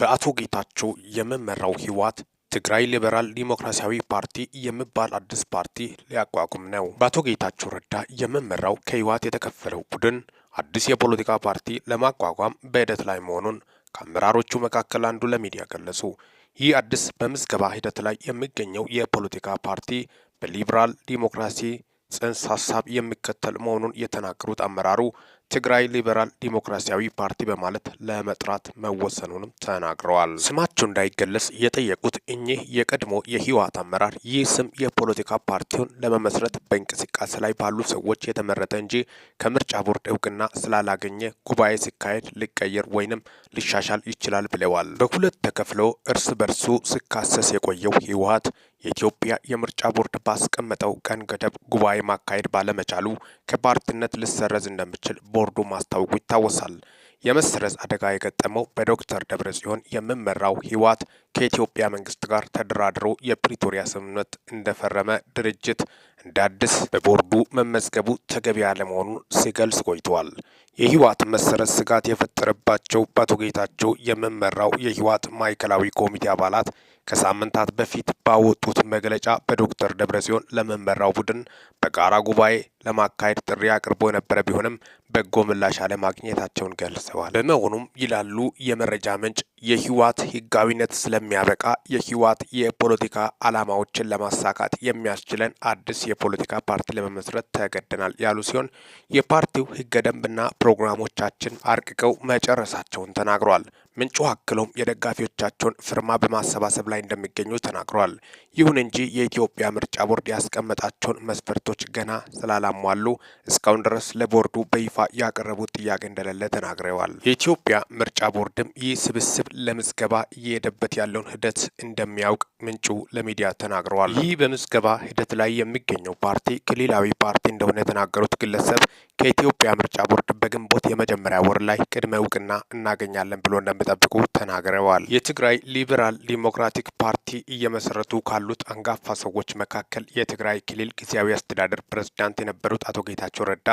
በአቶ ጌታቸው የሚመራው ህወሓት ትግራይ ሊበራል ዲሞክራሲያዊ ፓርቲ የሚባል አዲስ ፓርቲ ሊያቋቁም ነው። በአቶ ጌታቸው ረዳ የሚመራው ከህወሓት የተከፈለው ቡድን አዲስ የፖለቲካ ፓርቲ ለማቋቋም በሂደት ላይ መሆኑን ከአመራሮቹ መካከል አንዱ ለሚዲያ ገለጹ። ይህ አዲስ በምዝገባ ሂደት ላይ የሚገኘው የፖለቲካ ፓርቲ በሊበራል ዲሞክራሲ ጽንሰ ሀሳብ የሚከተል መሆኑን የተናገሩት አመራሩ ትግራይ ሊበራል ዲሞክራሲያዊ ፓርቲ በማለት ለመጥራት መወሰኑንም ተናግረዋል። ስማቸው እንዳይገለጽ የጠየቁት እኚህ የቀድሞ የህወሓት አመራር ይህ ስም የፖለቲካ ፓርቲውን ለመመስረት በእንቅስቃሴ ላይ ባሉ ሰዎች የተመረጠ እንጂ ከምርጫ ቦርድ እውቅና ስላላገኘ ጉባኤ ሲካሄድ ሊቀየር ወይንም ሊሻሻል ይችላል ብለዋል። በሁለት ተከፍሎ እርስ በርሱ ሲካሰስ የቆየው ህወሓት የኢትዮጵያ የምርጫ ቦርድ ባስቀመጠው ቀን ገደብ ጉባኤ ማካሄድ ባለመቻሉ ከፓርቲነት ልሰረዝ እንደምችል ቦርዱ ማስታወቁ ይታወሳል። የመሰረዝ አደጋ የገጠመው በዶክተር ደብረ ጽዮን የሚመራው ህወሓት ከኢትዮጵያ መንግስት ጋር ተደራድሮ የፕሪቶሪያ ስምምነት እንደፈረመ ድርጅት እንደ አዲስ በቦርዱ መመዝገቡ ተገቢ ያለመሆኑን ሲገልጽ ቆይተዋል። የህወሓት መሰረት ስጋት የፈጠረባቸው በአቶ ጌታቸው የሚመራው የህወሓት ማዕከላዊ ኮሚቴ አባላት ከሳምንታት በፊት ባወጡት መግለጫ በዶክተር ደብረጽዮን ለመመራው ቡድን በጋራ ጉባኤ ለማካሄድ ጥሪ አቅርቦ የነበረ ቢሆንም በጎ ምላሽ አለማግኘታቸውን ገልጸዋል። በመሆኑም ይላሉ የመረጃ ምንጭ የህወሓት ህጋዊነት ስለሚያበቃ የህወሓት የፖለቲካ አላማዎችን ለማሳካት የሚያስችለን አዲስ የፖለቲካ ፓርቲ ለመመስረት ተገደናል ያሉ ሲሆን የፓርቲው ህገ ደንብና ፕሮግራሞቻችን አርቅቀው መጨረሳቸውን ተናግሯል ምንጩ አክሎም የደጋፊዎቻቸውን ፍርማ በማሰባሰብ ላይ እንደሚገኙ ተናግሯል። ይሁን እንጂ የኢትዮጵያ ምርጫ ቦርድ ያስቀመጣቸውን መስፈርቶች ገና ስላላሟሉ እስካሁን ድረስ ለቦርዱ በይፋ ያቀረቡት ጥያቄ እንደሌለ ተናግረዋል። የኢትዮጵያ ምርጫ ቦርድም ይህ ስብስብ ለምዝገባ እየሄደበት ያለውን ሂደት እንደሚያውቅ ምንጩ ለሚዲያ ተናግረዋል። ይህ በምዝገባ ሂደት ላይ የሚገኘው ፓርቲ ክልላዊ ፓርቲ እንደሆነ የተናገሩት ግለሰብ ከኢትዮጵያ ምርጫ ቦርድ በግንቦት የመጀመሪያ ወር ላይ ቅድመ እውቅና እናገኛለን ብሎ እንደሚጠብቁ ተናግረዋል። የትግራይ ሊበራል ዲሞክራቲክ ፓርቲ እየመሰረቱ ካሉ ካሉት አንጋፋ ሰዎች መካከል የትግራይ ክልል ጊዜያዊ አስተዳደር ፕሬዝዳንት የነበሩት አቶ ጌታቸው ረዳ፣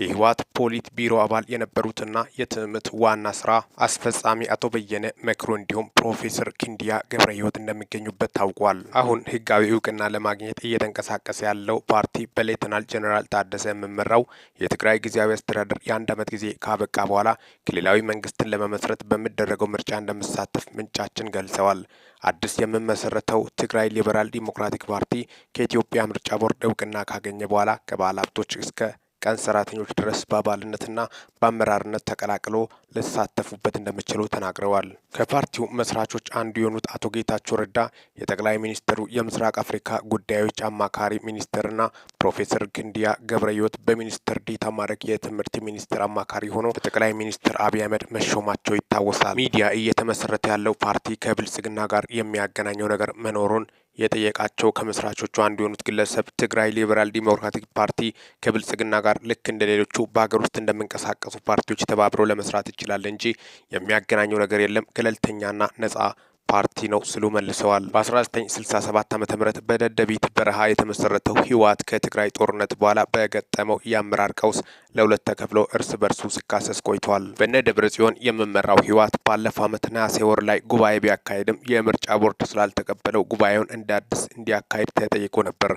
የህወሓት ፖሊት ቢሮ አባል የነበሩትና የትዕምት ዋና ስራ አስፈጻሚ አቶ በየነ መክሮ እንዲሁም ፕሮፌሰር ክንዲያ ገብረ ህይወት እንደሚገኙበት ታውቋል። አሁን ህጋዊ እውቅና ለማግኘት እየተንቀሳቀሰ ያለው ፓርቲ በሌተናል ጀኔራል ታደሰ የሚመራው የትግራይ ጊዜያዊ አስተዳደር የአንድ ዓመት ጊዜ ካበቃ በኋላ ክልላዊ መንግስትን ለመመስረት በሚደረገው ምርጫ እንደሚሳተፍ ምንጫችን ገልጸዋል። አዲስ የምመሰረተው ትግራይ ሊበራል ዲሞክራቲክ ፓርቲ ከኢትዮጵያ ምርጫ ቦርድ እውቅና ካገኘ በኋላ ከባለ ሀብቶች እስከ ቀን ሰራተኞች ድረስ በአባልነትና በአመራርነት ተቀላቅሎ ሊሳተፉበት እንደሚችሉ ተናግረዋል። ከፓርቲው መስራቾች አንዱ የሆኑት አቶ ጌታቸው ረዳ የጠቅላይ ሚኒስትሩ የምስራቅ አፍሪካ ጉዳዮች አማካሪ ሚኒስትርና ፕሮፌሰር ክንዲያ ገብረሕይወት በሚኒስትር ዴታ ማድረግ የትምህርት ሚኒስትር አማካሪ ሆኖ በጠቅላይ ሚኒስትር አብይ አህመድ መሾማቸው ይታወሳል። ሚዲያ እየተመሰረተ ያለው ፓርቲ ከብልጽግና ጋር የሚያገናኘው ነገር መኖሩን የጠየቃቸው ከመስራቾቹ አንዱ የሆኑት ግለሰብ ትግራይ ሊበራል ዲሞክራቲክ ፓርቲ ከብልጽግና ጋር ልክ እንደ ሌሎቹ በሀገር ውስጥ እንደሚንቀሳቀሱ ፓርቲዎች ተባብረው ለመስራት ይችላል እንጂ የሚያገናኘው ነገር የለም። ገለልተኛና ነጻ ፓርቲ ነው ስሉ መልሰዋል። በ1967 ዓ ም በደደቢት በረሃ የተመሰረተው ህወሓት ከትግራይ ጦርነት በኋላ በገጠመው የአመራር ቀውስ ለሁለት ተከፍሎ እርስ በርሱ ሲካሰስ ቆይቷል። በነ ደብረ ጽዮን የምመራው ህወሓት ባለፈው ዓመት ነሐሴ ወር ላይ ጉባኤ ቢያካሄድም የምርጫ ቦርድ ስላልተቀበለው ጉባኤውን እንደ አዲስ እንዲያካሄድ ተጠይቆ ነበር።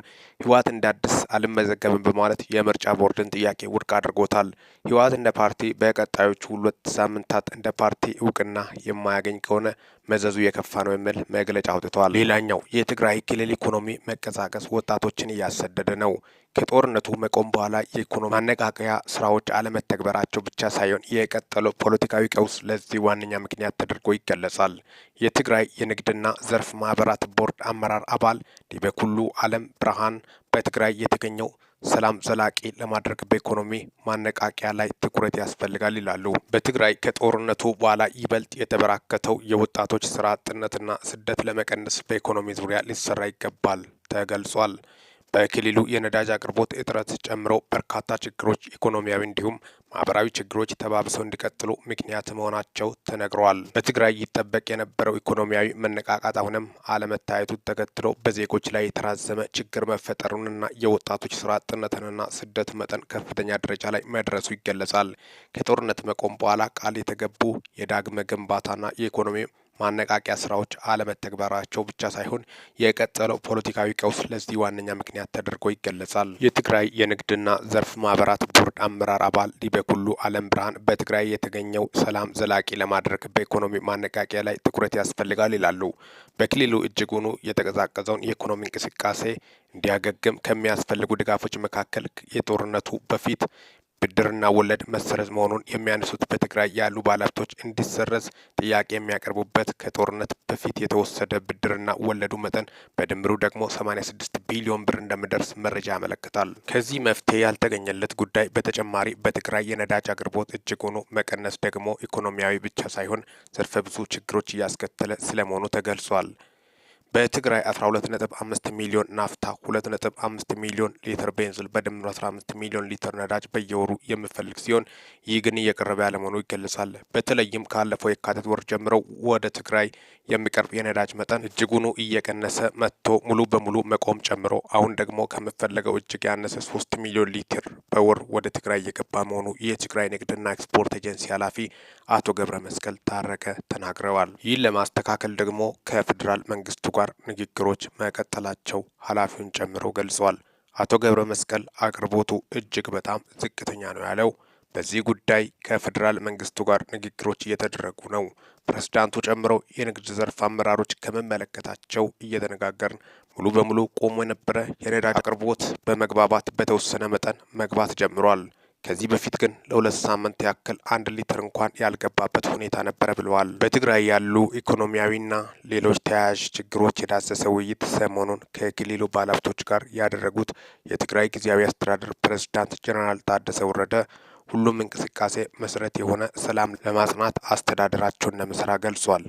ህወሓት እንደ አዲስ አልመዘገብም በማለት የምርጫ ቦርድን ጥያቄ ውድቅ አድርጎታል። ህወሓት እንደ ፓርቲ በቀጣዮቹ ሁለት ሳምንታት እንደ ፓርቲ እውቅና የማያገኝ ከሆነ መዘዙ የከፋ ነው የሚል መግለጫ አውጥተዋል። ሌላኛው የትግራይ ክልል ኢኮኖሚ መቀዛቀስ ወጣቶችን እያሰደደ ነው። ከጦርነቱ መቆም በኋላ የኢኮኖሚ ማነቃቀያ ስራዎች አለመተግበራቸው ብቻ ሳይሆን የቀጠለው ፖለቲካዊ ቀውስ ለዚህ ዋነኛ ምክንያት ተደርጎ ይገለጻል። የትግራይ የንግድና ዘርፍ ማህበራት ቦርድ አመራር አባል ዲበኩሉ አለም ብርሃን በትግራይ የተገኘው ሰላም ዘላቂ ለማድረግ በኢኮኖሚ ማነቃቂያ ላይ ትኩረት ያስፈልጋል ይላሉ። በትግራይ ከጦርነቱ በኋላ ይበልጥ የተበራከተው የወጣቶች ስራ አጥነትና ስደት ለመቀነስ በኢኮኖሚ ዙሪያ ሊሰራ ይገባል ተገልጿል። በክልሉ የነዳጅ አቅርቦት እጥረት ጨምሮ በርካታ ችግሮች ኢኮኖሚያዊ እንዲሁም ማህበራዊ ችግሮች ተባብሰው እንዲቀጥሉ ምክንያት መሆናቸው ተነግረዋል። በትግራይ ይጠበቅ የነበረው ኢኮኖሚያዊ መነቃቃት አሁንም አለመታየቱ ተከትሎ በዜጎች ላይ የተራዘመ ችግር መፈጠሩንና የወጣቶች ስራ አጥነትንና ስደት መጠን ከፍተኛ ደረጃ ላይ መድረሱ ይገለጻል። ከጦርነት መቆም በኋላ ቃል የተገቡ የዳግመ ግንባታና የኢኮኖሚ ማነቃቂያ ስራዎች አለመተግበራቸው ብቻ ሳይሆን የቀጠለው ፖለቲካዊ ቀውስ ለዚህ ዋነኛ ምክንያት ተደርጎ ይገለጻል። የትግራይ የንግድና ዘርፍ ማህበራት ቦርድ አመራር አባል ዲበኩሉ አለም ብርሃን በትግራይ የተገኘው ሰላም ዘላቂ ለማድረግ በኢኮኖሚ ማነቃቂያ ላይ ትኩረት ያስፈልጋል ይላሉ። በክልሉ እጅጉኑ የተቀዛቀዘውን የኢኮኖሚ እንቅስቃሴ እንዲያገግም ከሚያስፈልጉ ድጋፎች መካከል የጦርነቱ በፊት ብድርና ወለድ መሰረዝ መሆኑን የሚያነሱት በትግራይ ያሉ ባለሀብቶች እንዲሰረዝ ጥያቄ የሚያቀርቡበት ከጦርነት በፊት የተወሰደ ብድርና ወለዱ መጠን በድምሩ ደግሞ 86 ቢሊዮን ብር እንደሚደርስ መረጃ ያመለክታል። ከዚህ መፍትሄ ያልተገኘለት ጉዳይ በተጨማሪ በትግራይ የነዳጅ አቅርቦት ሆኖ መቀነስ ደግሞ ኢኮኖሚያዊ ብቻ ሳይሆን ዘርፈ ብዙ ችግሮች እያስከተለ ስለመሆኑ ተገልጿል። በትግራይ 12.5 ሚሊዮን ናፍታ 2.5 ሚሊዮን ሊትር ቤንዝል በድምሩ 15 ሚሊዮን ሊትር ነዳጅ በየወሩ የሚፈልግ ሲሆን ይህ ግን እየቀረበ ያለመሆኑ ይገለጻል። በተለይም ካለፈው የካቲት ወር ጀምረው ወደ ትግራይ የሚቀርብ የነዳጅ መጠን እጅጉኑ እየቀነሰ መጥቶ ሙሉ በሙሉ መቆም ጨምሮ አሁን ደግሞ ከምፈለገው እጅግ ያነሰ 3 ሚሊዮን ሊትር በወር ወደ ትግራይ እየገባ መሆኑ የትግራይ ንግድና ኤክስፖርት ኤጀንሲ ኃላፊ አቶ ገብረ መስቀል ታረቀ ተናግረዋል። ይህን ለማስተካከል ደግሞ ከፌዴራል መንግስቱ ጋር ንግግሮች መቀጠላቸው ኃላፊውን ጨምሮ ገልጸዋል። አቶ ገብረ መስቀል አቅርቦቱ እጅግ በጣም ዝቅተኛ ነው ያለው በዚህ ጉዳይ ከፌዴራል መንግስቱ ጋር ንግግሮች እየተደረጉ ነው። ፕሬዝዳንቱ ጨምረው የንግድ ዘርፍ አመራሮች ከመመለከታቸው እየተነጋገርን ሙሉ በሙሉ ቆሞ የነበረ የነዳጅ አቅርቦት በመግባባት በተወሰነ መጠን መግባት ጀምሯል። ከዚህ በፊት ግን ለሁለት ሳምንት ያክል አንድ ሊትር እንኳን ያልገባበት ሁኔታ ነበረ ብለዋል። በትግራይ ያሉ ኢኮኖሚያዊና ሌሎች ተያያዥ ችግሮች የዳሰሰ ውይይት ሰሞኑን ከክልሉ ባለሀብቶች ጋር ያደረጉት የትግራይ ጊዜያዊ አስተዳደር ፕሬዝዳንት ጀነራል ታደሰ ወረደ ሁሉም እንቅስቃሴ መሰረት የሆነ ሰላም ለማጽናት አስተዳደራቸውን ለመስራ ገልጿል።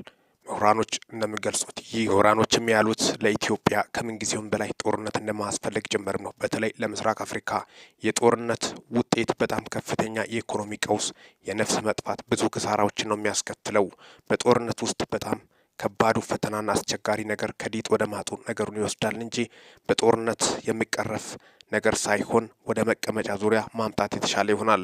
ምሁራኖች እንደሚገልጹት ይህ ምሁራኖችም ያሉት ለኢትዮጵያ ከምንጊዜውም በላይ ጦርነት እንደማያስፈልግ ጭምርም ነው። በተለይ ለምስራቅ አፍሪካ የጦርነት ውጤት በጣም ከፍተኛ የኢኮኖሚ ቀውስ፣ የነፍስ መጥፋት፣ ብዙ ክሳራዎችን ነው የሚያስከትለው። በጦርነት ውስጥ በጣም ከባዱ ፈተናና አስቸጋሪ ነገር ከዲጥ ወደ ማጡ ነገሩን ይወስዳል እንጂ በጦርነት የሚቀረፍ ነገር ሳይሆን ወደ መቀመጫ ዙሪያ ማምጣት የተሻለ ይሆናል።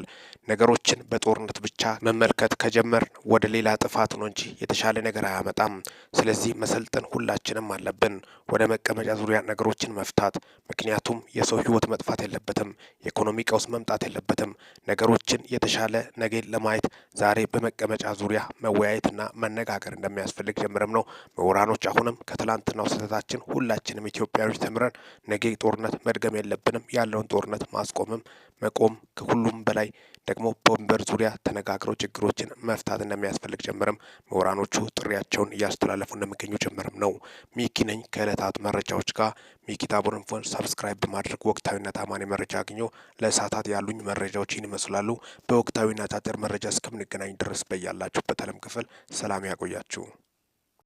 ነገሮችን በጦርነት ብቻ መመልከት ከጀመር ወደ ሌላ ጥፋት ነው እንጂ የተሻለ ነገር አያመጣም። ስለዚህ መሰልጠን ሁላችንም አለብን፣ ወደ መቀመጫ ዙሪያ ነገሮችን መፍታት። ምክንያቱም የሰው ህይወት መጥፋት የለበትም፣ የኢኮኖሚ ቀውስ መምጣት የለበትም። ነገሮችን የተሻለ ነገ ለማየት ዛሬ በመቀመጫ ዙሪያ መወያየትና መነጋገር እንደሚያስፈልግ ጀምረም ነው ምሁራኖች። አሁንም ከትላንትናው ስህተታችን ሁላችንም ኢትዮጵያዊ ተምረን ነገ ጦርነት መድገም የለብንም። አልቻለም። ያለውን ጦርነት ማስቆምም መቆም ከሁሉም በላይ ደግሞ በወንበር ዙሪያ ተነጋግረው ችግሮችን መፍታት እንደሚያስፈልግ ጀምርም ምሁራኖቹ ጥሪያቸውን እያስተላለፉ እንደሚገኙ ጀምርም ነው። ሚኪ ነኝ መረጃዎች ጋር ሚኪ ታቦር ኢንፎን ሰብስክራይብ በማድረግ ወቅታዊና ታማኝ መረጃ አግኘ። ለእሳታት ያሉኝ መረጃዎችን ይመስላሉ። በወቅታዊና አጫጭር መረጃ እስከምንገናኝ ድረስ በያላችሁበት ዓለም ክፍል ሰላም ያቆያችሁ።